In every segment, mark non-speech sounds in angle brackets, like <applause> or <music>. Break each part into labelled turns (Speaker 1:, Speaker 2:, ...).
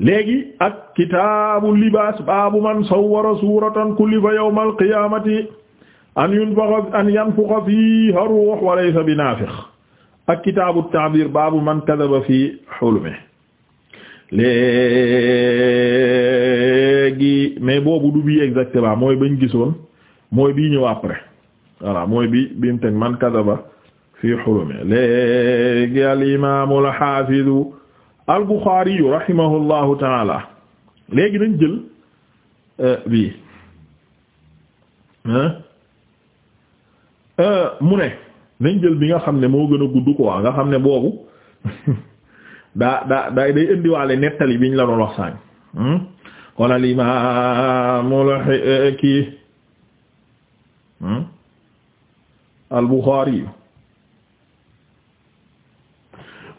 Speaker 1: léegi ak kitaabu libaas baabu man sawwara suuratan kullifa yawmal qiyaamati an yunfaxa an fiiha ruux wa laysa bi man kadaba fii hulmi léegi mais boobu du bii exactement mooy bañ gisoon mooy bii ñëw mooy bi bi mu teg man kadaba fii hulmi léegi al imaamul al Bukhari rahimahullahu taala léegi nañ jël euh, bii euh, mu ne nañ jël bi nga xam ne moo gën a gudd quoi nga xam ne boobu <laughs> daa daa day day indiwaale nettali biñ la doon wax sànq hmm? kon al imaamul eh, eh, kii hmm? al Bukhari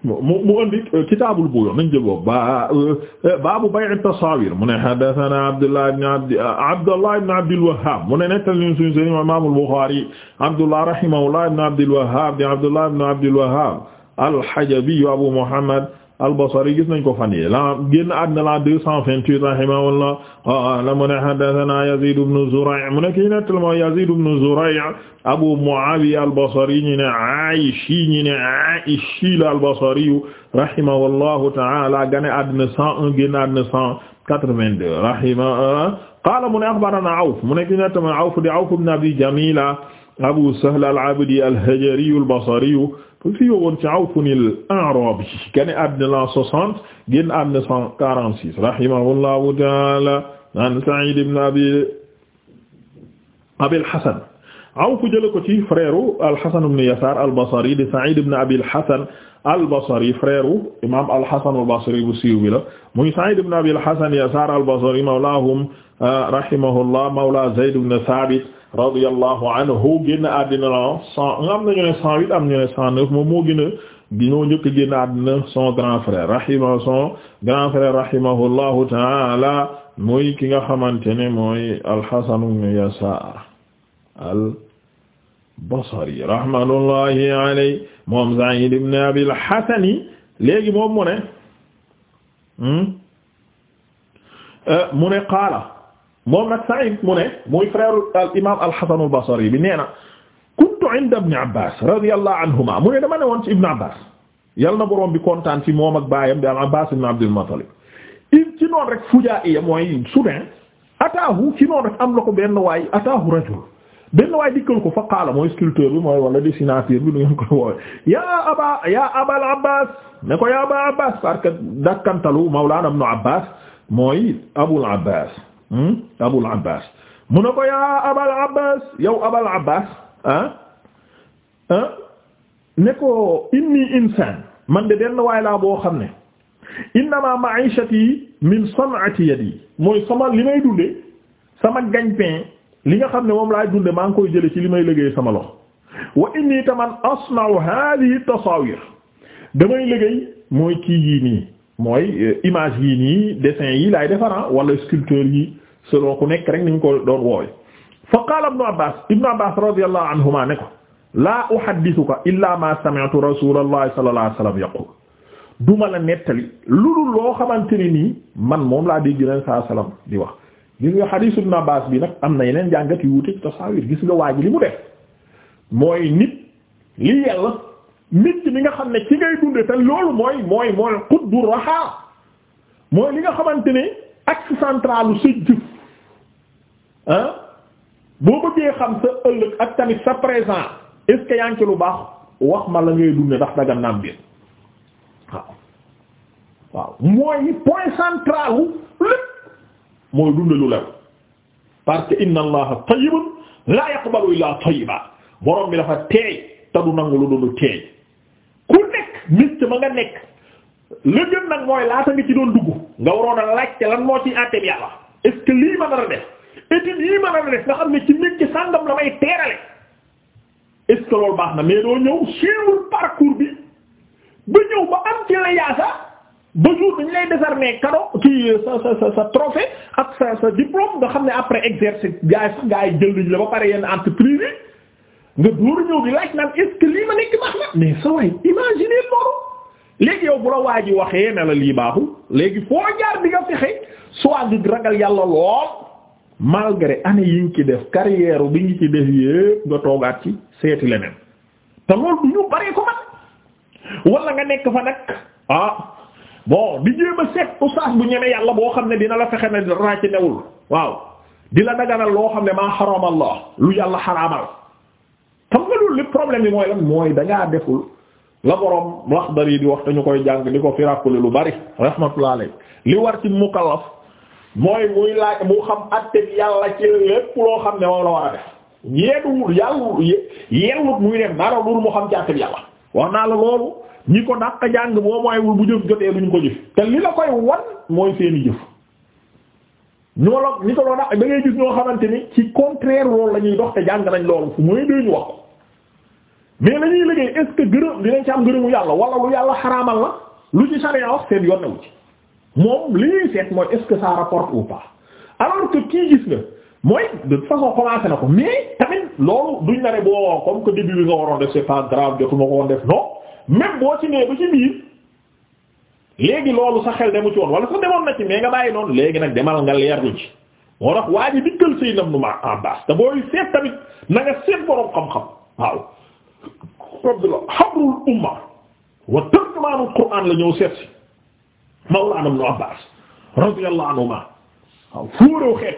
Speaker 1: mu mu andi euh, kitaabul buyu' nañ jël boobu ba euh, euh, baabu bay'i tasawir mu ne haddathana Abdullah ibn Abd Abdullah ibn Abdul Wahhab mu ne nettal ñu suñu sëriñ Imam al-Bukhari Abdullah rahimahullah ibn Abdul Wahhab di Abdullah ibn Abdul Wahhab al-Hajabi Abu Muhammad al-Basri gis nañ ko fan yi la génn àddina la deux cent vingt-huit rahimahullah qala mu ne haddathana Yazid ibn Zuray' mu ne kii nettal moo Yazid ibn Zuray' Abu Muawiya al-Basri ñi ne Aishi ñi ne Aishi la al-Basri rahimahullahu ta'ala gane àddina cent un génn àddina cent quatre-vingt-deux rahimahullah qala mu ne akhbarana Awf mu ne kii nettal moo Awf di Awf ibn Abi Jamila Abu Sahl al-Abdi al-Hajari al-Basri fi yowoon ci awfunil a'rabi gane àddina la soixante génn àddina cent quarante six rahimahullahu taala an Sa'id ibn abi abil Hasan Awf jële ko ci frère al-Hasan ibn Yasar al-Basri di Sa'id ibn Abil Hasan al-Basri frère imam al-Hasan al-Basri bu siiw bi la muy Sa'id ibn Abil Hasan Yasar al-Basri mawlahum rahimahullah mawla Zayd ibn Thabit radiyallahu anhu génn àddina la cent am nañu ne cent huit am nañu ne cent neuf moom moo gën a ñoo njëkk a génn àddina son grand frère rahima son grand frère rahimahullahu taala muy ki nga xamante ne mooy al-Hasan ibn Yasaar al-Basri rahmatullahi alayhi moom Sa'id ibn Abi al-Hasan léegi moom mu ne hmm? euh, mu ne qaala moom nag Saïd mu ne muy frère al imaam al Hasan al Basri bi nee na kuntu inda ibn Abbas radiyallahu anhuma mu ne dama ne woon ci ibn Abbas yal na borom bi kontaan ci moom ak baayam bi al Abbas ibn Abdul Muttalib ci noonu rek fujaa iya mooy soudain ataahu ci noonu rek am na ko benn waay ataahu rajul benn waay dikkal ko fa qaala mooy sculpteur bi mooy wala dessinateur bi lu ngeen koy woowe yaa aba yaa abal abbas ne ko yaa aba abbas parce que dakkantalu mawlaana ibn Abbas mooy abul abbas Hmm? Abul Abbas mu ne ko yaa Abal Abbas yow Abal Abbas ah ah ne ko inni insaan man de benn waay laa boo xam ne innama ma'ishati min san'ati yadi mooy sama li may dunde sama gagne-pain li nga xam ne moom laay dunde maa ngi koy jële ci li may liggéey sama loxo wa inni taman asna'u hadhihi tasawir damay liggéey mooy kii yii nii mooy euh, image yii nii dessin yi laay defar ah, wala sculpteur yi selon ku nekk rek ni ñu ko doon woowe fa qaala ibnu abbas ibnu abbas radiyallahu anhuma ne ko laa uhaddithuka illa ma sami'tu rasulallahi sallallahu alayhi wasallam yaqul duma la nettali lulul loo xamante ne nii man moom laa dégg leen saa salaam di wax gis nga xadiisu ibnu abbas bi nag am na yeneen jàngat yu wuute ci tasawir gis nga waa ji li mu def mooy nit li yàlla nit mi nga xam ne ci ngay dunde te loolu mooy mooy mooy xuddu raxaa mooy li nga xamante ne axe central u sa boo bëggee xam sa ëllëg ak tamit sa présent est-ce lu baax wax ma la ngay dunde ndax daga naam biir waaw waaw mooy point central wu lépp mooy dunde lu lew parce que inna allaha tayyibun la yaqbalu illa tayyiba borom bi dafa teey te du nangu lu dul teey ku nekk mist ma nga nekk la gën nag mooy laata nga ci doon dugg nga waroon a laajte lan moo ci àtte bi la est lii ma nar a def nga xam ne ci nit ci sàngam la may teerale est ce loolu baax na mais doo ñëw suivre parcours bi ba ñëw ba am ci la yaasa ba jour dañu lay décerner cadeau ci sa sa sa sa trophée ak sa sa diplôme nga xam ne après exercice gaay sax gaay jël nañ la ba pare yenn entreprise yi nga door ñëw di laaj naan est lii ma nekk baax na mais sa waay imaginer loolu. léegi yow bu la waa ji waxee ne la lii baaxul léegi foo jaar di nga fexe soit nga ragal yàlla lool malgré année yi nga ci def carrière bi nga ci def yépp nga toogaat ci seeti leneen te loolu du ñu bëree ko man wala nga nekk fa nag ah di jéem a seet oustaz bu ñeme yàlla boo xam ne dina la fexe ne dara ci newul waaw di la daganal loo xam ne maa xaramallah lu yàlla xaraamal xam nga loolu lépp problème bi mooy lan mooy dangaa deful. la borom Laxdari yi di wax te ñu koy jàng di ko fi rappelé lu bari rahmatullah alayhi li war ci mukallaf mooy muy laaj mu xam àtte yàlla ci lépp loo xam ne moom la war a def yeeduwul yàlla yellut muy dem dara loolu mu xam la loolu ñi ko dàq jàng boo mooywul bu jëf jotee duñu ko jëf te li la koy wan mooy seeni jëf ñoo la ñi ko doon da ngay ñoo xamante ni ci contraire loolu lañuy dox te jàng nañ loolu fu muy dee ñu wax ko mais na ñuy liggéey est-ce que gërëm dinañ ci am gërëmu yàlla wala lu yàlla xaraamal la lu ci sharia wax seen yoon na ci moom li ñuy seet mooy est-ce que ça rapporte ou pas alors que kii gis nga mooy de toute façon commencé na ko mais tamit loolu duñ la ne boo comme que début bi nga waroon def c'est pas grave jotuma ko woon def non même boo ci nee ba ci biir léegi loolu sa xel demu ci woon wala sa demoon na ci mais nga bàyyi noonu léegi nag demal nga leerlu ci moo tax waa ji dikkal say nam nu ma en te booy seet na nga seet borom xam Abdullah habrul umma wa tarjumaanul Qur'aan la ñëw seet si Mawlaana Ibn Abbaas radiyallahu anhuma waaw fuurew xeet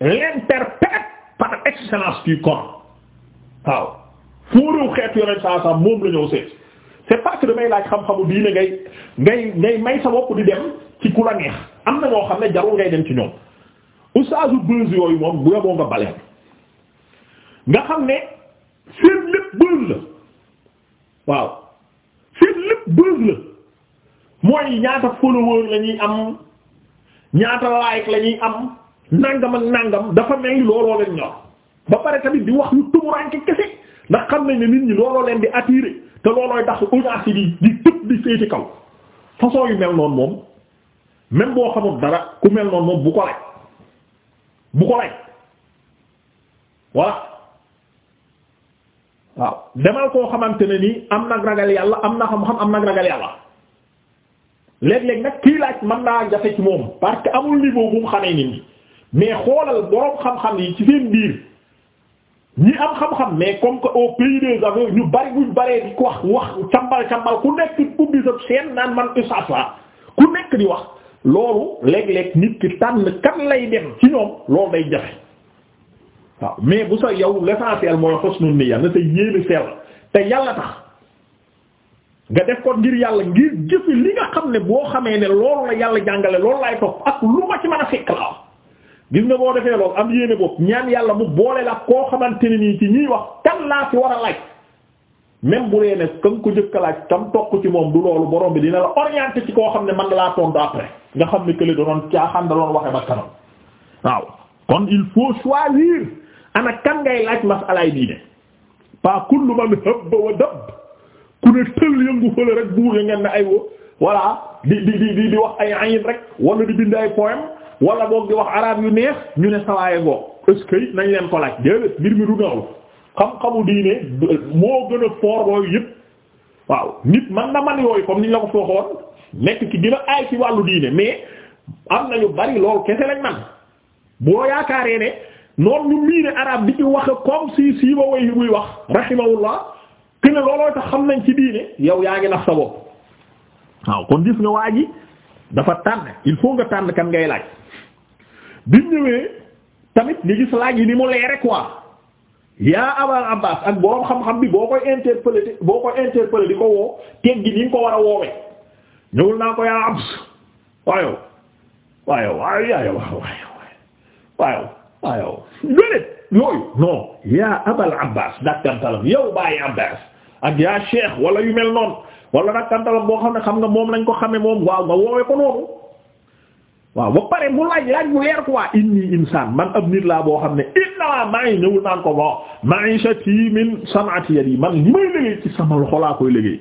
Speaker 1: l'interprète par excellence la ñëw seet c'est parce laaj xam-xamu diine ngay ngay ngay may sa bopp di dem ci ku la neex am na ñoo xam ne jarul ngay dem ci ñoom ustaasu buzz yooyu moom bu yaboo nga baleen nga xam ne seen lépp bëus la waaw seen lépp bëus la mooy ñaata follower la ñuy am ñaata like la ñuy am nangam ak nangam dafa mel looloo leen ñor ba pare tamit di wax lu tumuraanke kese ndax xam nañ ne nit ñi looloo leen di attirer te loolooy tax audace di di tëb di seeti kaw façon yu mel noonu moom même boo xamul dara ku mel noonu moom bu ko rek bu ko rek voilà waaw demal koo xamante ne nii am na ragal yàlla am na xam-xam am nag ragal yàlla léeg-léeg nag kii laaj man naa jafe ci moom parce que amul niveau bu mu xamee nit ñi mais xoolal boroom xam-xam yi ci seen biir ñi am xam-xam mais comme que au pays des aveugles ñu bari buñ baree di wax wax campal cambal ku nekk ubbi sa seen naan man usasa ku nekk di wax loolu léeg-léeg nit ki tànn kan lay dem ci ñoom loolu day jafe waaw mais bu sa yow l'essentiel mooy husnul niyya na sa yéene sell te yàlla tax nga def ko ngir yàlla ngir jëfi li nga xam ne boo xamee ne loolu la yàlla jàngale loolu laay topp ak lu ma ci mën a fekk la wax gis nga boo defee loolu am yéene bopp ñaan yàlla mu boole la koo xamante ne nii ci ñuy wax kan laa ci war a laaj même bu dee ne ka nga ko jëkka laaj tam toq ci moom du loolu borom bi dina la orienté ci koo xam ne man laa tontu après nga xam ne kële doon caaxaan da doon waxe ba kanam ana kan ngay laaj masalaay diine pas kullu man habba wa dab ku ne tël yëngu fële rek buuge ngeen ne ay wo voilà di di di wax ay ayin rek wala di bind ay poème wala boog di wax araab yu neex ñu ne sawaaye ngoo est-ce que leen ko laaj déedéet mbir mi du noonu xam-xamu diine moo gën a foor yooyu yëpp waaw nit man na man yooyu comme niñ la ko sooxoon nekk ki gën a aay ci wàllu diine mais am na ñu bari loolu kese lañ man boo yaakaaree ne noonu ñu miine arab di ci waxe comme si si ba way buy wax rahimahullah que ne looloo tax xam nañ ci diine yow yaa ngi nax sa bopp waaw kon gis nga waa ji dafa tànn il faut nga tànn kan ngay laaj bi ñëwee tamit nga gis laaj yi ni mu leere quoi yaa abal abbas ak boroom xam-xam bi boo koy interpeller boo koy interpeller di ko woo teg gi ni ko war a woowee ñëwul naa ko yaa abs waayow waayow waayow waayow waayow waayow waaw ah, déedéet yooyu non yaa abal abbas dakkantalam yow bàyyi abbas ak yaa cheikh wala yu mel noon wala dakkantalam boo xam ne xam nga moom lañ ko xame moom waaw nga woowee ko noonu waaw ba pare mu laaj laaj mu leer quoi inni insaan man ab nit laa boo xam ne inna maa ngi ñëwul naan ko bo ma'ishati min san'ati yadi man li may liggéey ci sama loxo laa koy liggéey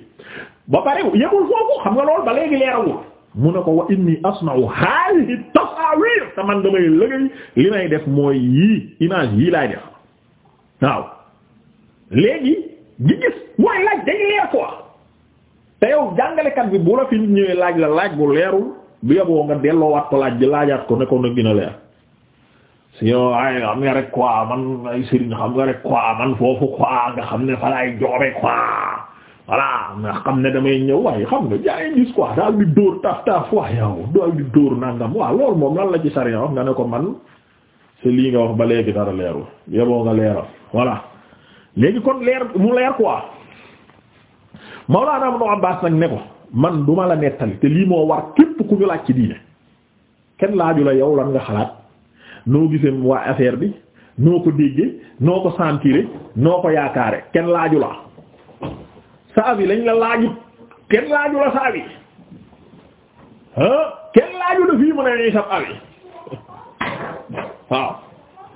Speaker 1: ba pare yemul foofu xam nga loolu ba léegi leerawul mu ne ko wa inni asna'u hadhihi tasawir te man damay lëgëy li may def mooy yii image yii laay def waaw léegi gi gis mooy laaj day leer quoi te yow jàngalekat bi bu la fi ñëwee laaj la laaj bu leerul bi yaboo nga delloowaat ko laaj bi laajaat ko ne ko na gën a leer ay xam nga rek quoi man ay sëriñ xam nga rek quoi man foofu quoi nga xam ne fa laay joobe quoi voilà nga xam ne damay ñëw waaye xam nga jaay gis quoi daal di dóor taf taf waaye yow daal di dóor nangam waaw loolu moom lan la ci sariya wax nga ne ko man c'est lii nga wax ba léegi dara leerul yeboo nga leeral voilà léegi kon leer mu leer quoi Mawlaana Ibnu Abbaas nag ne ko man duma la nettali te lii moo war képp ku ñu laaj ci diine kenn laaju la yow lan nga xalaat noo gisee waa affaire bi noo ko déggee noo ko sentir noo ko yaakaare kenn laaju la saabi lañ la laajut kenn laaju la saabi ah kenn laaju la fii mu ne nii sab abi waaw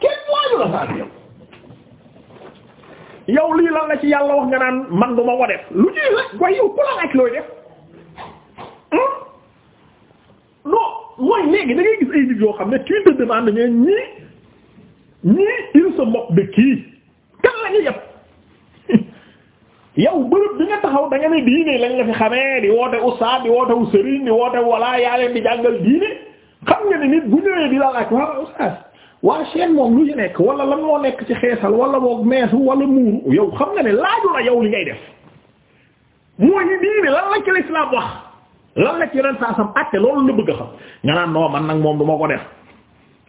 Speaker 1: kenn laaju la saabi yow lii lan la ci yàlla wax nga naan man du ma ko def lu ñuy laaj waaye yow ku la laaj looy def non mooy léegi da ngay gis ay yoo xam ne tu te demandes ñee ñii il se moque de kii kan la ñu yow bërëb bi nga taxaw da nga ne diine lañ la fi xamee di woote ustaad di woote sëriñ di woote walla yaa leen di jàngal diine xam nga ne nit bu ñëwee di la laaj waa ustaad waa seen moom lu ñu nekk wala lan moo nekk ci xeesal wala boog meesu wala muuru yow xam la yow li ngay def mooy diine lan la wax lan la ci ren saa sam àtte loolu la bëgg a xam nga naan non man nag moom du ma ko def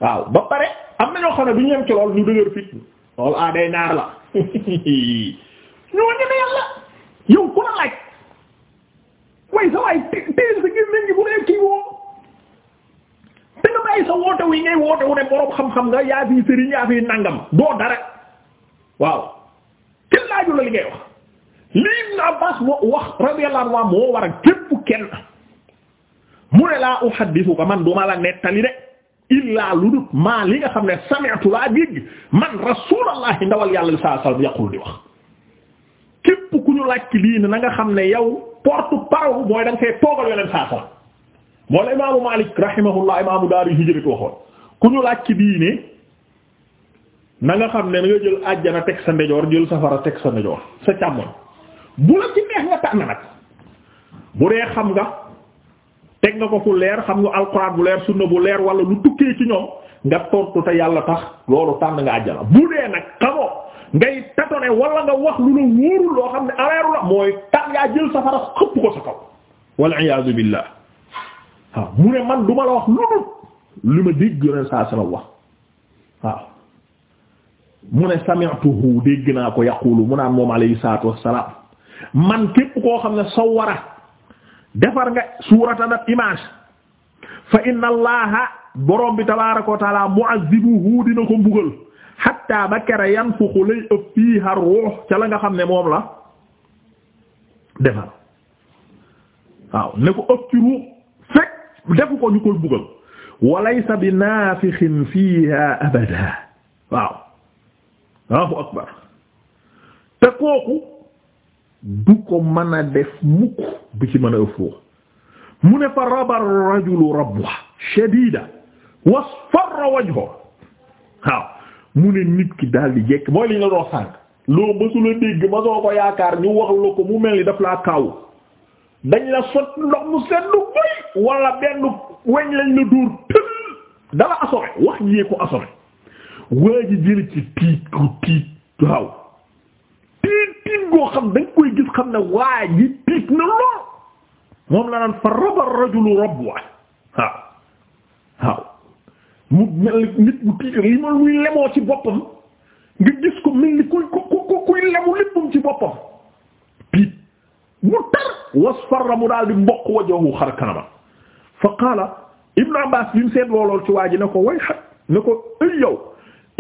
Speaker 1: waaw ba pare am na ñoo xam ne du ñu yem ci lool ñu dëgër fit loolu ah day naar la. <laughs> ñoo ñeme yàlla yow ku la laaj way sa waay téel sa gis nañ bu dee woo te nga bàyyi sa woote wi ngay woote wu ne borom xam-xam nga yaa fi sëriñ yaa fi nangam doo dara waaw kenn laaju la li ngay wax lii Ibn Abbas moo wax radiyallahu anhu moo war a képp kenn mu ne laa uhaddithuka man duma la nettali de illaa lu maa li nga xam ne sami'tu laa dégg man rasulullah ndawal yàlla sallallahu alayhi wasallam yaqul di wax képp ku ñu laaj ci na nga xam ne yow porte-parole mooy da nga fee toogal yoneen saa moo la imaamu Maalik rahimahullah imaamu daaru hijratu waxoon ku ñu laaj ci diine na nga xam ne na nga jël àjjana teg sa ndejoor jël safara teg sa ndejoor sa càmmoñ bu la ci neex nga tànn nag bu dee xam nga teg nga ko fu leer xam nga alxuraan bu leer sunna bu leer wala lu tukkee ci ñoom nga tontu te yàlla tax loolu tànn nga àjjana bu dee nag xamoo ngay tatone wala nga wax lu la wóorul loo xam ne aleeru la mooy tax yaa jël safara xëpp ko sa kaw wal iyaazu billah mu ne man du la wax lu dul li ma dégg yoneen saa sama wax mu ne sami'tuhu dégg naa ko yaqulu mu naan moom alayhi salaatu wassalaam man képp koo xam ne sawara defar nga suurata ab image fa inna allaha borom bi tabaaraka wa ta'aala mu'azzibuhu dina ko mbugal xatta ba kere yan fuxu lay ëpp fii xar ruux ca la nga xam ne moom la defar waaw ne ko ëpp ci ruux fekk defu ko ñu koy buggal walaysa bi naafixin fiiha abada waaw Allahu akbar te kooku du ko mën a def mukk du ci mën a ëpp ruux mu ne fa raba rajulu rabwa shadida wasfarra wajhu waaw mu ne nit ki daal di jekk mooy li la doon sànq loo mësula dégg ma soo ko yaakaar ñu wax la ko mu mel ni daf laa kaaw dañ la sot ndox mu seddu boy wala benn weñ lañ la dóor tël dala asome wax yee ko asome waa ji ci tiit ku tiit waaw tiit tiit goo xam dañ koy gis xam ne waa ji tiit na lool moom la naan fa raba rajulu rabwa waaw waaw mu mel nit bu tiital li ma luy lemoo ci boppam nga gis ko mel ni kuy kuy lemu léppam ci boppam piit mu tar wasfarra mu daal di mboq wajahu xar kanama fa qaala ibnu abbas bi seet loolool ci waa ji ne ko way xat ne ko ëy yow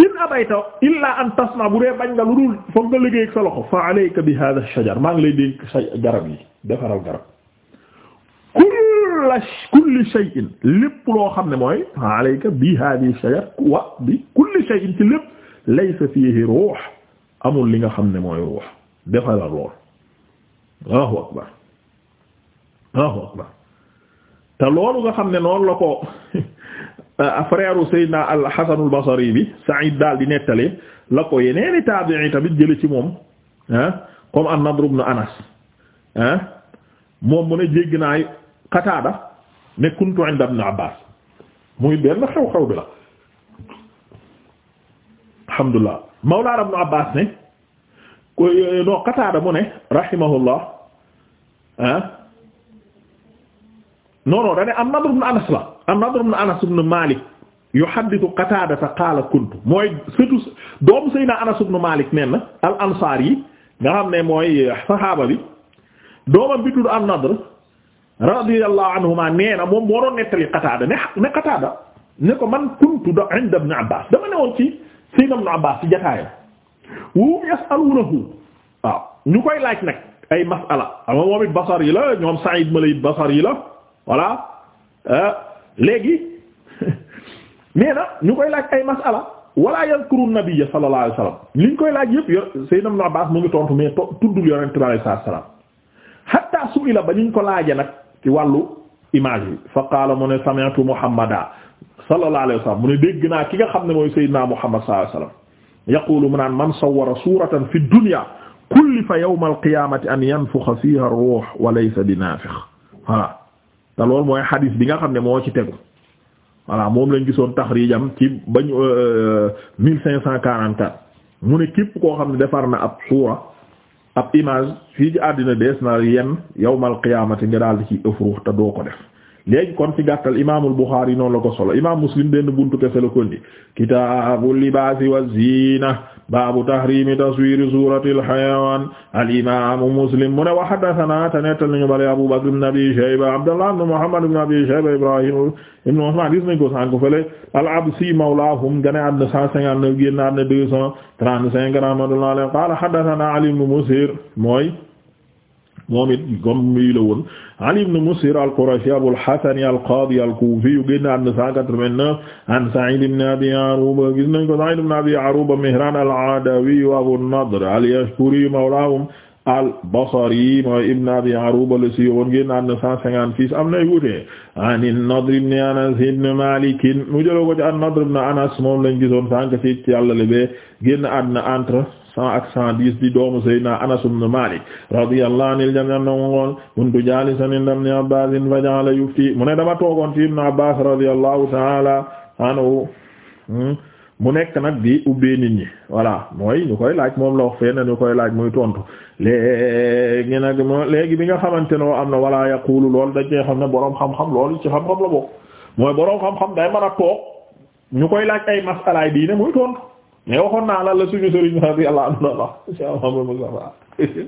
Speaker 1: in abayta illa an tasna bu dee bañ nga lu dul foog nga liggéey ak sa loxo fa alayka bi hadha shajar maa ngi lay dénk sa garab yi defaral garab kulla kulli loo xam ne mooy alayka bi amul li nga xam ne mooy ruux dafa la akbar allahu nga xam ne noonu la ko <laughs> frère Seydina al-Hasan al-Basri bi Sa'id daal di nettali la ko yeneeni taabi'i tamit jële ci moom ah comme an-Nadr Anas ah, moom mu ne jégg Qataada ne kuntu inda Ibn Abbas muy benn xew-xew bi la alhamdulillah Mawlaana Ibn Abbas ne non Qataada mu ne rahimahullah ah non non dane am Nadr ibn Anas la am Nadr ibn Anas ibn Malik yuhaddithu Qataada qaala kuntu mooy surtout doomu Seydina Anas ibn Malik nee na al ansaar yi nga xam ne mooy saxaaba bi doomam bi tudd an-Nadr radiyallahu anhuma nee na moom moo doon nettali Qataada ne ne Qataada ne ko man kuntu da inda ibn Abbas dama ne woon ci sayyidina ibn Abbas ci jotaayam wu yasaluunahu waaw ñu koy laaj nag ay masala ama moom yi la ñoom Sa'id ma layit yi la voilà euh, léegi <laughs> nee na ñu koy laaj ay masala wala yadkuru nabiyya sallallahu alayhi wasallam liñ koy laaj yëpp yo sayyidina ibn Abbas mu ngi tontu mais tuddul yonent bi sallallahu alayhi wasallam hatta su'ila ba ñu ko laaje nag ci wàllu image yi fa qaala mu ne sami'tu muhammada sallallahu alayhi wa sallam mu ne dégg naa ki nga xam ne mooy sayyidina muhammad sallallahu alayhi wa sallam yaqulu mu naan man sawwara suratan fi dunya kullifa yawma alqiyamati an yanfukha fiha ar-ruh wa laysa binafikh voilà te loolu mooy xadis bi nga xam ne moo ci tegu voilà moom lañ gisoon taxriijam ci bañ 1544 euh, mu ne képp koo xam ne defar na ab suura ab image fii ci àddina dees na yenn yawmal qiyaamati nga daal ci ciy ruux te doo ko def léegi kon ci gàttal imaamul Buxaari noonu la ko solo imaam Muslim benn buntu kese la ko indi kitaabu libaasi wa ziina baabu tahriimi taswiiri suuratil xayawaan al imaamu Muslim mu wa haddasanaa te nettal nañu bale Abu Bakr ibn Abi Shayba Abdullah ibn Muhammad ibn Abi Shayba Ibraahiim al-Absi mawlaahum gane àdduna 159 génn àdduna 235 rahmatullahi alayhi qaala haddasanaa Ali ibn Musir mooy moom it comme mii la woon Ali ibn Musir al-Qurashi Abul Hasan al-Qadi al-Kufi yu génn àdduna 189 an Sa'id ibn Abi Aruba gis nañ ko Sa'id ibn Abi Aruba Mihran al-Adawi wa Abu Nadr al-Yashkuri mawlahum al-Basri mooy ibn Abi Aruba la si woon génn na 156 am nay wuute an an-Nadr ibn Anas ibn Malik mu jëloo ko ci an-Nadr ibn Anas moom lañ gisoon sànq ci yàlla be génn àddina entre di doomu Seydina Anas ibn Malik radiyallahu anil jami am na mu ngoon kuntu jaalisan inda ibn Abbas fa ja'ala yufti mu ne dama toogoon ci ibn Abbas radiyallahu ta'ala anhu hmm, mu nekk nag di ubbee nit ñi voilà mooy ñu koy laaj moom la wax fee koy laaj muy tontu léegi nag léegi bi nga xamante ne am na wala yaqulu lool dañ koy xam boroom xam-xam ci xam-xam la mooy boroom xam-xam day mën a ñu koy laaj ay masalaay diine muy tontu mais waxoon naa la la suñu sëriñ radiyallahu anhu la inshallah habibullah wa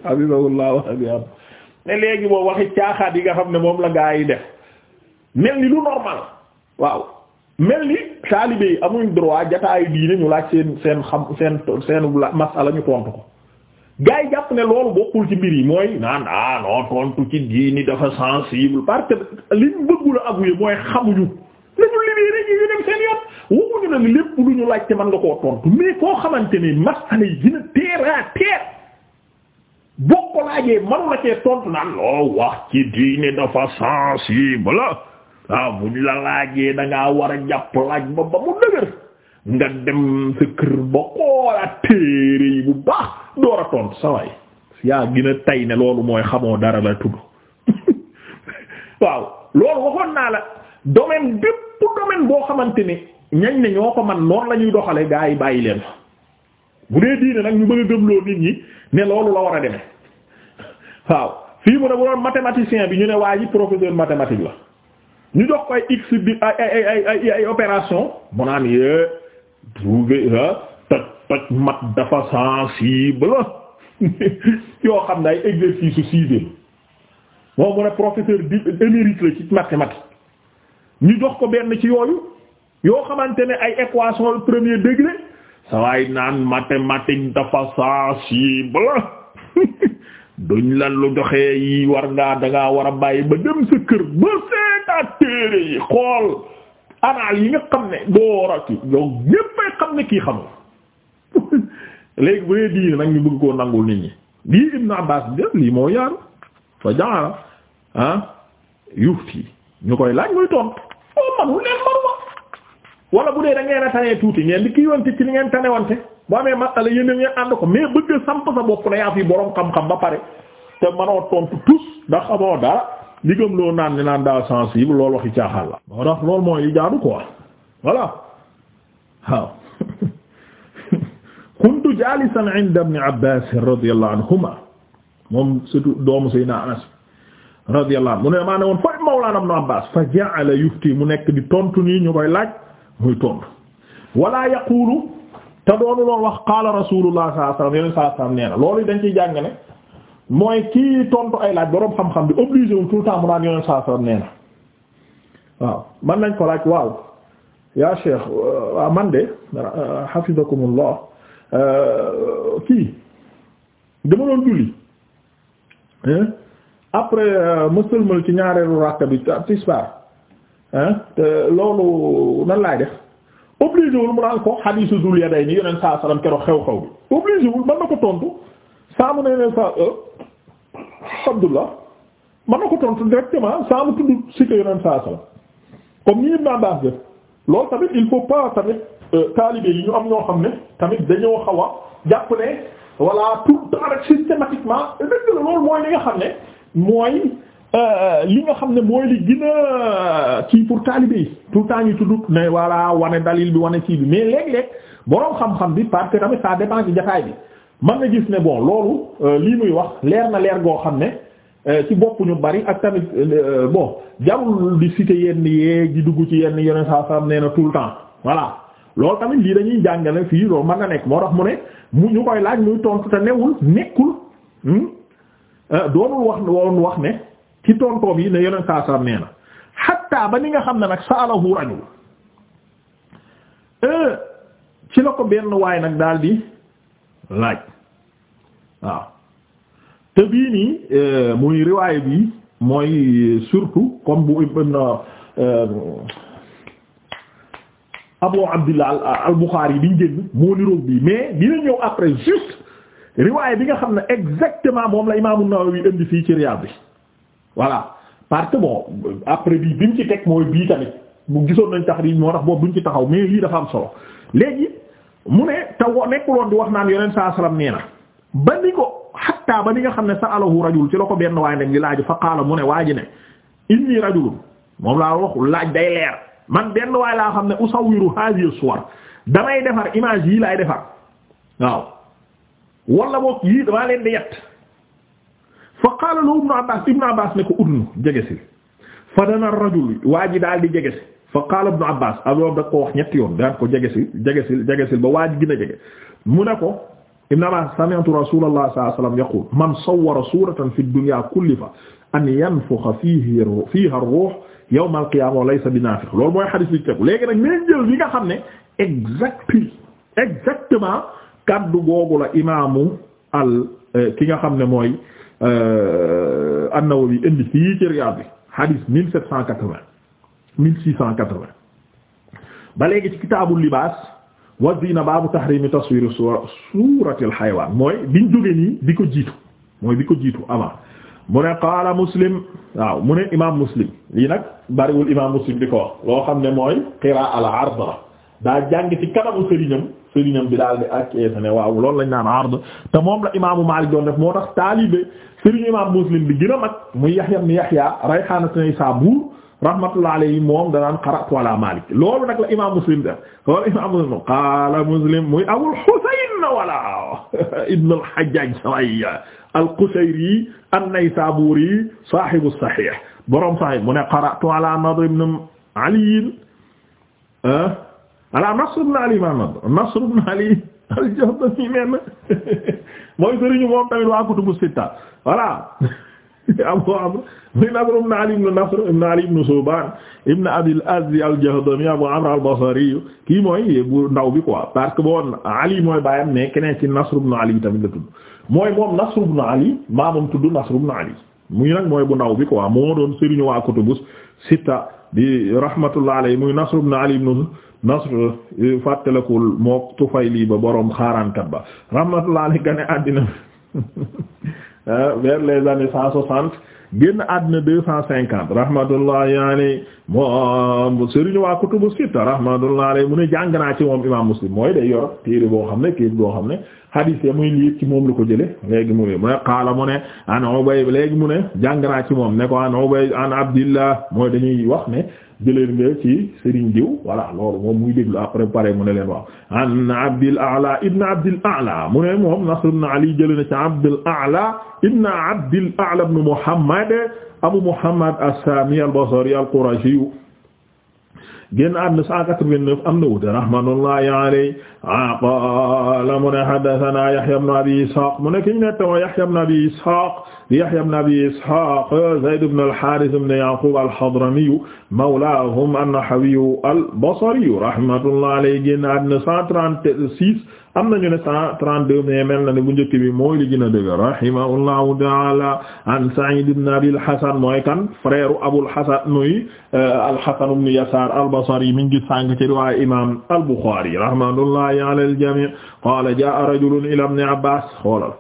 Speaker 1: habibullah ne léegi boo waxi caaxaat yi nga xam ne moom la gaa yi def mel lu normal waaw. mel ni taalibe yi amuñ droit jataayu diine ñu laaj seen seen xam seen seen masala ñu tontu ko gars jàpp ne loolu bokkul ci mbir yi mooy naan ah non tontu ci diini dafa sensible parce que liñ a avouer xamuñu nañu libéré yi ñu laaj te mën nga koo tontu mais koo xamante ni masala yi dina terre à terre boo ko laajee mënu la cee tontu naan loo oh, wax ci diini dafa sensible waaw bu ñu la laajee da ngaa war a jàpp laaj ba ba mu dëgër nga dem sa kër ba xoolaat téere yi bu baax door a tontu sa waay yaa gën a tay ne loolu mooy xamoo dara la tudd <laughs> waaw loolu waxoon naa la domaine bépp domaine boo xamante ni ñañ ne ñoo ko man noonu la ñuy doxale gaa yi bàyyi leen bu dee diine nag ñu bëgg a nit ñi ne loolu la war a demee <laughs> waaw fii mu ne bu doon mathématicien bi ñu ne waa ji professeur mathématique la ñu jox ko ay x bi ay ay ay ay opération mu naan yee trouvé euh, toj toj mat dafa sensible <laughs> yoo xam ne ay exercice su sixième moom mu ne professeur di émérite la ci mathématique ñu jox ko benn ci yooyu yoo xamante ne ay équation premier degré sa waaye naan mathématique dafa sensible duñ la lu joxee yi war ngaa dangaa war a bàyyi ba dem sa kër ba seetaat téere yi xool anaal yi nga xam ne boo war a ci yow xam ne kii xamul <laughs> léegi bu dee diine nag ñu bëgg koo nangul nit ñi lii Ibn Abbas bi lii moo yaaru fa jaara ah yufti ñu koy laaj muy tontu oo oh, manul leen manuma wala bu dee da ngeen a tanee tuuti ngeen di kii wante ci li ngeen tanewante boo amee masala yéen a ngeen ànd ko mais bëgg samp sa bopp na yaa fi borom xam-xam ba pare te manoo tontu tous ndax amoo dara li loo naan ni naan daa sensible loolu waxi caaxaan la. moo tax loolu mooy li jaadu quoi voilà waaw <laughs> kuntu jaalisan inda ibn Abbaas radiyallahu anhuma doomu Seydina Anas radiyallahu anhu mu ne maa ne woon fa mawlaana ibn Abbaas fa ja'ala yufti mu nekk di tontu nii ñu koy laaj muy tontu wala yaqulu te doonu loolu wax qaala rasulullah sallallahu alayhi wasallam yeneen sallallahu alayhi wasallam nee na loolu dañ ciy jàng ne mooy kii tontu ay laaj boroom xam-xam bi obligé wu tout le temps mu naan yeneen sallallahu alayhi wasallam nee na waaw man nañ ko laaj waaw yaa cheikh waaw euh, man de euh, hafizakumullah euh, kii dama doon julli après ma sëlmal ci ñaareelu ràkk bi tisbaar te loolu nan laay def obligé wul mu naan ko xadiisu dul yaday ni yoneen saa salaam keroog xew bi obligé wul mën ko tontu saa mu ne yoneen saa Abdullah mën na ko tontu directement saa mu tudd cité yoneen saa salaam comme ni Ibn Abbas def loolu tamit il faut pas tamit euh, taalibe yi ñu am ñoo xam ne tamit dañoo xaw a jàpp ne voilà tout le temps rek systématiquement mooy li nga xam ne Euh, li nga xam ne mooy li gën a kii pour taalibe yi tout le temps ñu tudd ne voilà wane dalil bi wane kii bi mais léeg-léeg boroom xam-xam bi parce que tamit ça dépend ci bi mën nga gis ne bon loolu euh, lii muy wax leer na leer goo xam ne euh, ci bopp ñu bari ak tamit bon jarul di citer yenn yeeg di dugg ci yenn yeneen saa saa nee na tout le temps voilà loolu tamit lii dañuy jàngale fii loolu mën na nekk moo tax mu ne mu ñu koy laaj muy tontu te newul nekkul hmm? doonul wax woon wax ne. ci tontoom yi ne yeneen saasam nee na xatta ba ni nga xam ne nag saalahu rajul euh, ci la ko benn waay nag daal di laaj waaw te bii nii euh, muy riwaay bi mooy surtout comme bu ibn euh, Abu Abdillah al-Bukhari biñ génn moo niroog bii mais dina ñëw après juste riwaay bi nga xam ne exactement moom la Imam An-Nawawi indi fii ci Riyad bi voilà parce que bon après bii bi mu ci teg mooy bii tamit mu gisoon nañ tax ri moo tax boobu duñ ci taxaw mais lii dafa am solo léegi mu ne te wo nekkuloon di wax naan yoneen saa salaam nee ba ni ko xattaa ba ni nga xam ne sa alo alahu rajul ci la ko benn waaye dem di laaju fa qaala mu ne waa ji ne inni rajulun moom laa wax laaj day leer man benn waay laa xam ne usawiru hadhihi suwar damay defar image yi laay defar waaw wala boog yii damaa leen di fa qaala lahu ibnu abbas ibnu abbas ne ko udnu jege si fa dana rajul waa ji daal di jege si fa qaala ibnu abbas alors da ko wax ñetti yoon daan ko jege si jege si jege si ba waa ji gën a jege mu ne ko ibnu abbas sami'tu rasulallah sallallahu alayhi wasallam yaqul man sawwara suratan fi dunya kullifa an yanfukha fihi fiha ar-ruh yawm al-qiyamah laysa binafiq loolu mooy xadis bi tegu léegi nag meen jël yi nga xam ne exact exactement kaddu googu la imaamu al eh, ki nga xam ne mooy Euh, An-Nawawi indi fii ci Riyad bi hadith mille sept cent quatre-vingt mille six mooy biñ jóge ko jiitu mooy bi ko jiitu avant mu qaala muslim mu ne imaam muslim lii nag bariwul imaam muslim di loo xam ne mooy qiraa al arda daa jàng ci kanamu sëriñam sëriñam bi daal di ak ne waaw loolu lañ naan ard te moom la imaamu Maalik doon def moo tax taalibe sëriñu imaam Muslim bi gën a mag muy Yahya ibn Yahya Rayhaanatu Naysaabuur rahmatullah alayhi moom danaan qara'tu ala Maalik loolu nag la imaam Muslim def loolu imaam Muslim qaala Muslim muy Abul Husayn wala ibn al-Hajjaj saway al-Qushayri an-Naysaabuuri saahibu Sahih borom Sahih mu ne qara'tu ala Nadr ibn Ali ala Nasr ibn Ali maanaam Nasr ibn Ali <laughs> al-Jahdami men <laughs> mooy sëriñu moom tamit waa kutubu sitta voilà <laughs> Abu Amr muy Nasr ibn Ali ibn Nasr ibn Ali ibn Suban Abu Amr al kii mooy bu ndaw bi quoi parce que Ali mooy baayam ne keneen ci Nasr ibn Ali tamit la tudd mooy moom Nasr ibn Ali maamam tudd Nasr ibn Ali muy nag mooy bu ndaw bi moo doon sëriñu waa kutubu sitta di rahmatullah alayhi muy Nasr ibn Ali ibn Nasr fàttalekul mook Tufayli ba borom xaaraankat ba rahmatullah alayhi gane àddina <laughs> euh, vers les années cent soixante génn àddina deux cent cinquante rahmatullahi yaani moom sëriñ waa kutubu sitta rahmatullahi alayhi mu ne jàng naa ci moom imam muslim mooy day yor téere boo xam ne kéit boo xam ne hadith ya muy lii ci moom la ko jële léegi mu ne mu ne qaala mu ne an ubay léegi mu ne jàng naa ci moom ne ko an ubay an abdillah mooy dañuy wax ne jëleen nga ci Serigne Diw voilà loolu moom muy déglu après pare mu ne leen waaw an Abdil A'la ibn Abdil A'la mu ne moom Nasr ibn Ali jëlee na ci Abdil A'la ibn Abdil A'la ibn Muhammad Abu Muhammad as-Sami al-Basri al-Qurashi génn àdduna 189 am na wuute rahmatullahi alayhi ah qaala mu ne haddasanaa Yahya ibn Abi Ishaaq mu ne ki ñu ne tawoo Yahya ibn Abi Ishaaq di Yahya ibn Abi Ishaaq Zayd ibn al-Haarith ibn Yaquub al-Hadramiyu mawlaahum an-Nahawiyu al-Basriyu rahmatullahi alayhi génn àddina 136 am nañu ne 132 mais mel na ne bu njëkk bi mooy li gën a dëgg rahimahullahu ta'aala an Sa'iid ibn Abi al-Hasan mooy kan frère Abul Hasan muy euh, al-Hasan ibn Yasaar al-Basri mi ngi sànq ci riwaaya imaam al-Buxaari rahmatullahi rahmatullahi ala al-jami' qala jaa rajulun ila ibn abbas xoolal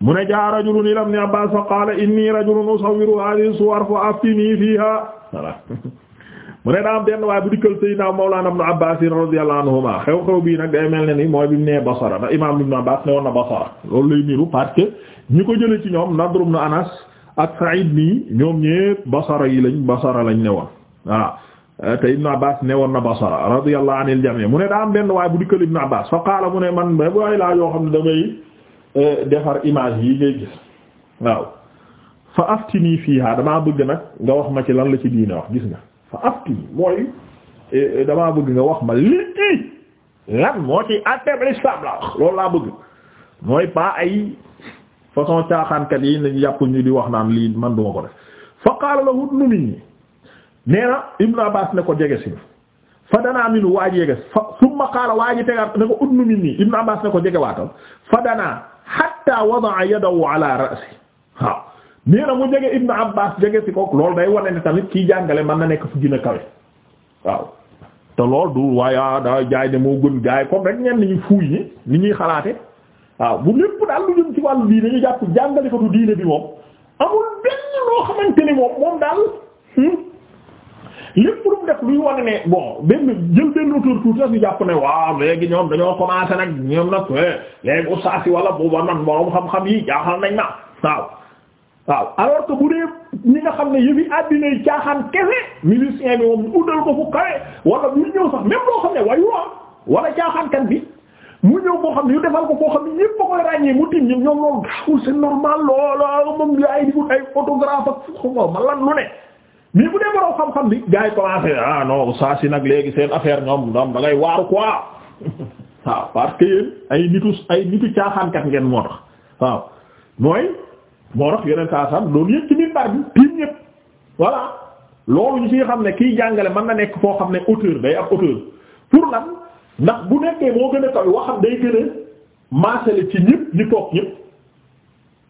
Speaker 1: mu ne jaa rajulun ila ibn abbas fa qala inni rajulun usawwiru hadhihi suwar fa aftini fiha voilà mu ne daam benn waaye bu dikkal sayyidina mawlana ibn abbas radiyallahu anhuma xew-xew bii nag day mel ne ni mooy bi mu nee basara ndax imam ibn abbas ne woon na basara loolu lay niru parce que ñi ko jële ci ñoom nadrum na anas ak said nii ñoom ñépp basara yi lañ basara lañ ne woon voilà Eh, te Ibn Abbas ne woon na Basra radiyallahu anil jami mu ne daa am benn waaye bu dikkal Ibn Abbas fa qaala mu ne man ba waaye laa yoo xam ne damay eh, defar image yi ngay gis waaw fa aftini fiha damaa bëgg nag nga wax ma ci lan la ci diine wax gis nga fa aftini mooy eh, damaa bëgg nga wax ma lii lan moo ci atteeb l'islam la wax loolu laa bëgg mooy pas ay façon caaxaankat yi nañ yàpp nii di wax naan lii man duma ko def fa qaala lahu numi nee na Ibn Abbas ne ko jege si fa danaa minu waa ji jege fa summa qaala waa ji tegaat ne ko udnu min nii Ibn Abbas ne ko fa danaa hatta wada'a yadahu ala ra'si waaw nee mu jege Ibn Abbas jege si ko loolu day wane ne tamit kii jàngale mën na nekk fu gën a kawe waaw te lool du waaye da jaay ne moo gën gaay comme rek ñenn ñi fuuy ni ñuy xalaate waaw bu lépp daal lu jëm ci wàllu diine ñu jàpp jàngalekatu diine bi moom amul benn loo xamante ni moom moom daal hmm, lépp lu mu def luy wane ne bon benn jël benn auteur tuuti sax ñu jàpp ne waaw léegi ñoom dañoo commencé nag ñoom nag eh, léegi ustaas yi wala booba man borom xam-xam yi jaaxal nañ ma waaw. waaw alors bu dee ni nga xam ne yëfi àddina yi caaxaan kese musicien bi moom uddal ko fu kawe wala bu ñëw sax même boo xam ne wayu wala caaxaan kan bi. mu ñëw boo xam ne yu defal ko koo xam ne ñépp ba koy ràññee mu tim ñoom ñoom loolu gaawul c'est loolu moom yaay di wut ay photographe ak xaw ma lan lu ne. mais bu dee borom xam-xam bi gars yi commencé ah non saa si nag léegi seen affaire ñoom ñoom da ngay waaru quoi <laughs> waaw parce que yéen ay nitu ay nitu caaxaankat ngeen moo tax waaw mooy moo tax yeneen caaxaan loolu yëpp ci minbar bi tiim ñëpp voilà loolu ñu ci xam ne kiy jàngale man na nekk foo xam ne auteur day am auteur pour lan ndax bu nekkee moo gën a kaw waxam day gën a maasale ci ñëpp ñu toog ñëpp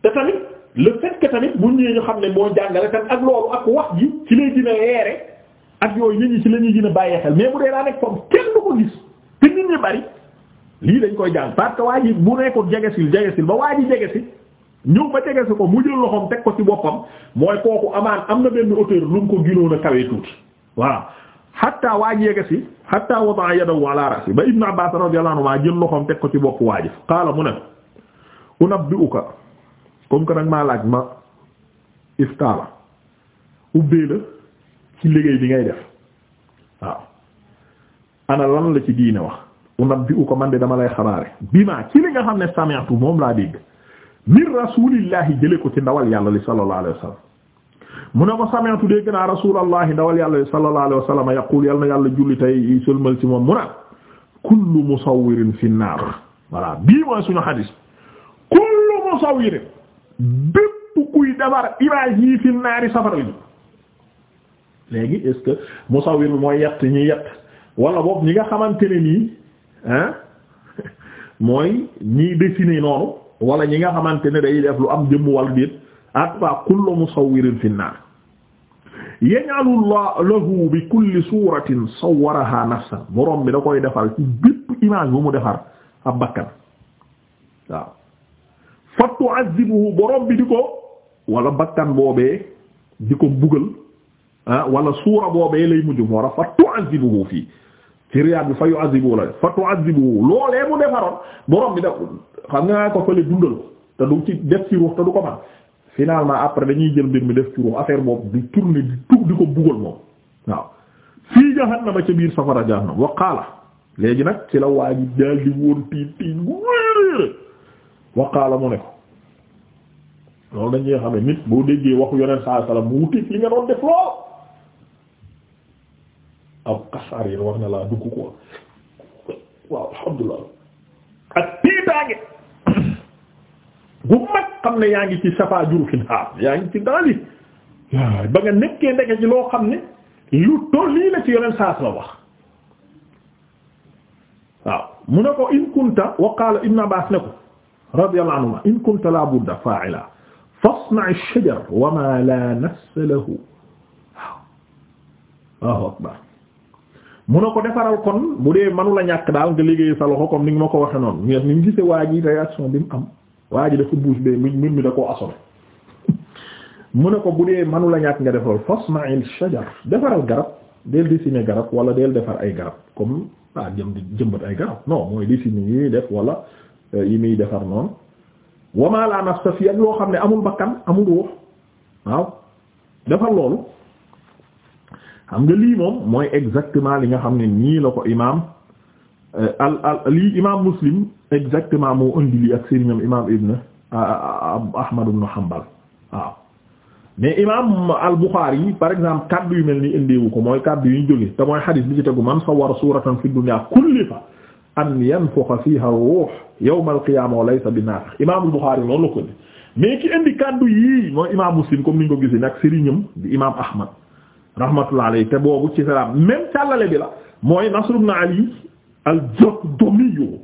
Speaker 1: te tamit. le fait tamit bu ñëwee ñu xam ne moo jàngale tamit ak loolu ak wax ji ci lay gën a ak yooyu nit ñi ci la ñuy gën a bàyyi xel mais bu dee daa nekk foofu kenn du ko gis te nit ñi bari lii dañ koy jàng parce que waa ji bu nekkul jegesil jegesil ba waa ji jegesi ñëw ba jegesi ko mu jël loxoom teg ko ci boppam mooy kooku amaan am na benn hauteur lu mu ko ginoon a kawee tuuti voilà hatta waa ji yegesi hatta wada'a yadahu ala ra'si ba Ibn Abbas radiyallahu anhu jël loxoom teg ko ci bopp waa ji qaala mu ne unabbi'uka comme que nag maa laaj ma iftaa la ubbee la ci liggéey bi ngay def waaw ana lan la ci diine wax ko man de dama lay xabaare bi maa ci li nga xam ne sami'tu moom laa dégg min rasulillahi jële ko ci ndawal yàlla li sallallahu alayhi wasallam mu ne ko sami'tu dégg naa rasulallahi ndawal yàlla li sallallahu alayhi wasallam yaqul yàlla na yàlla julli tey sëlmal ci moom mu naan kullu musawwirin fi naar voilà bii mooy suñu xadiis kullu musawwirin bépp kuy defar image yi fi naari safara léegi est-ce que musawir bi mooy yett ñi yett wala boobu ñi nga xamante ne nii ah <laughs> mooy ñii dessiner noonu wala ñi nga xamante ne day def lu am jëmm wala déet at fa kullu musawirin fi naar yaj'alu lahu bi kulli suratin sawwaraha nafsa borom bi da koy defal ci bépp image bu mu defar ab bakkan waaw fa tu'azzibuhu borom bi di ko wala bakkan boobee di ko mbugal ah wala suura boobee lay mujj moo tax fa tu'azzibuhu fii ci riyaat bi fa yu'azzibuhu la fa tu'azzibuhu loolee mu defaroon borom bi da xam nga ko fële dundal te du ci def ci ruux te du ko man finalement après dañuy jël mbir mi def ci ruux affaire boobu di tourner di tug di ko mbugal moom waaw fii jahannama ca biir safara jahannam wa qaala léegi nag ci la waa daal di wóor waqaala mu ne ko loolu dañuy xam ne nit boo déggee waxu yonent saa mu wuti li nga doon def lool aw kasaarir war na laa dugg ko waaw alhamdulilah ak tiitaange bu mag xam ne yaa ngi ci safaa jurufin haam yaa ngi ci daali ba nga nekkee ndeke ci loo xam ne lu toll lii la ci yonent saa wax waaw mu ne ko in kunta waqaala ibn Abbas ne ko radiyallahu anhuma in kunta la budda fa'ila fasna' ash-shajar wa ma la nafs lahu waaw akbar mu na ko defaral kon bu dee manu la ñàkk daal nga liggéey sa loxo comme ni nga ma ko waxe noonu ñes ni mu waa ji réaction bi mu am waa ji dafa buus bee <laughs> mu ne ko bu dee manu la ñàkk nga defaral fasna'il shajar defaral garab del dessiner garab wala del defar ay garab comme ah jëm ay garab non mooy dessiner yi def wala Euh, yi muy defar noonu wama la nafsa fi ak loo xam ne amul bakkan amul ruux waaw defar loolu xam nga lii moom mooy exactement li nga xam ne nii la ko imaam euh, al al lii imaam muslim exactement moo indi lii ak sëriñam imaam ibn euh, ahmad ibn hanbal waaw mais imaam al buxaari par exemple kaddu yu mel ni indiwu ko mooy kaddu yu ñu jóge te mooy xadiis bi ci tegu man sawwara suuratan fi dunya kullifa an yanfuxa fiha ruux yawma alqiyaama wa bi naafix imaamul Buxaari noonu la ko indi mais ki indi kàddu yii mooy imaam Muslim comme ni ñu ko nag sëriñam di imaam Ahmad rahmatullah alayhi te boobu ci bi la mooy Nasr ibn Ali al-Jahdami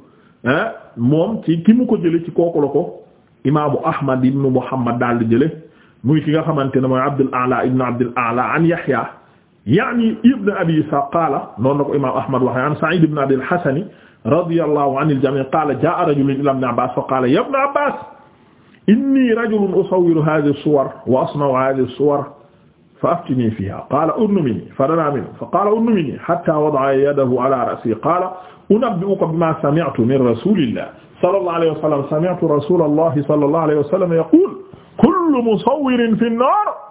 Speaker 1: ah moom ci ki mu ko jële ci kooku la ko imaamu Ahmad ibn Muhammad daal di jële muy ki nga xamante ne mooy Abdul A'la ibn Abdul A'la an Yahya yaani ibn Abi Ishaq qaala noonu la ibn Abi al radiyallahu anil jami' qaala jaa'a rajulun ilaa ibn Abbaas fa qaala ya ibn Abbaas inni rajulun usawwiru haadhihi as-suwar wa asna'u haadhihi as-suwar fa aftinii fiihaa qaala urnumini fadanaa minhu fa qaala urnumini hattaa wada'a yadahu alaa ra'sihi qaala unabbi'uka bimaa sami'tu min rasuulillah sallallahu alayhi wa sallam sami'tu rasuulallahi sallallahu alayhi wa sallam yaquulu kullu musawwirin fin naar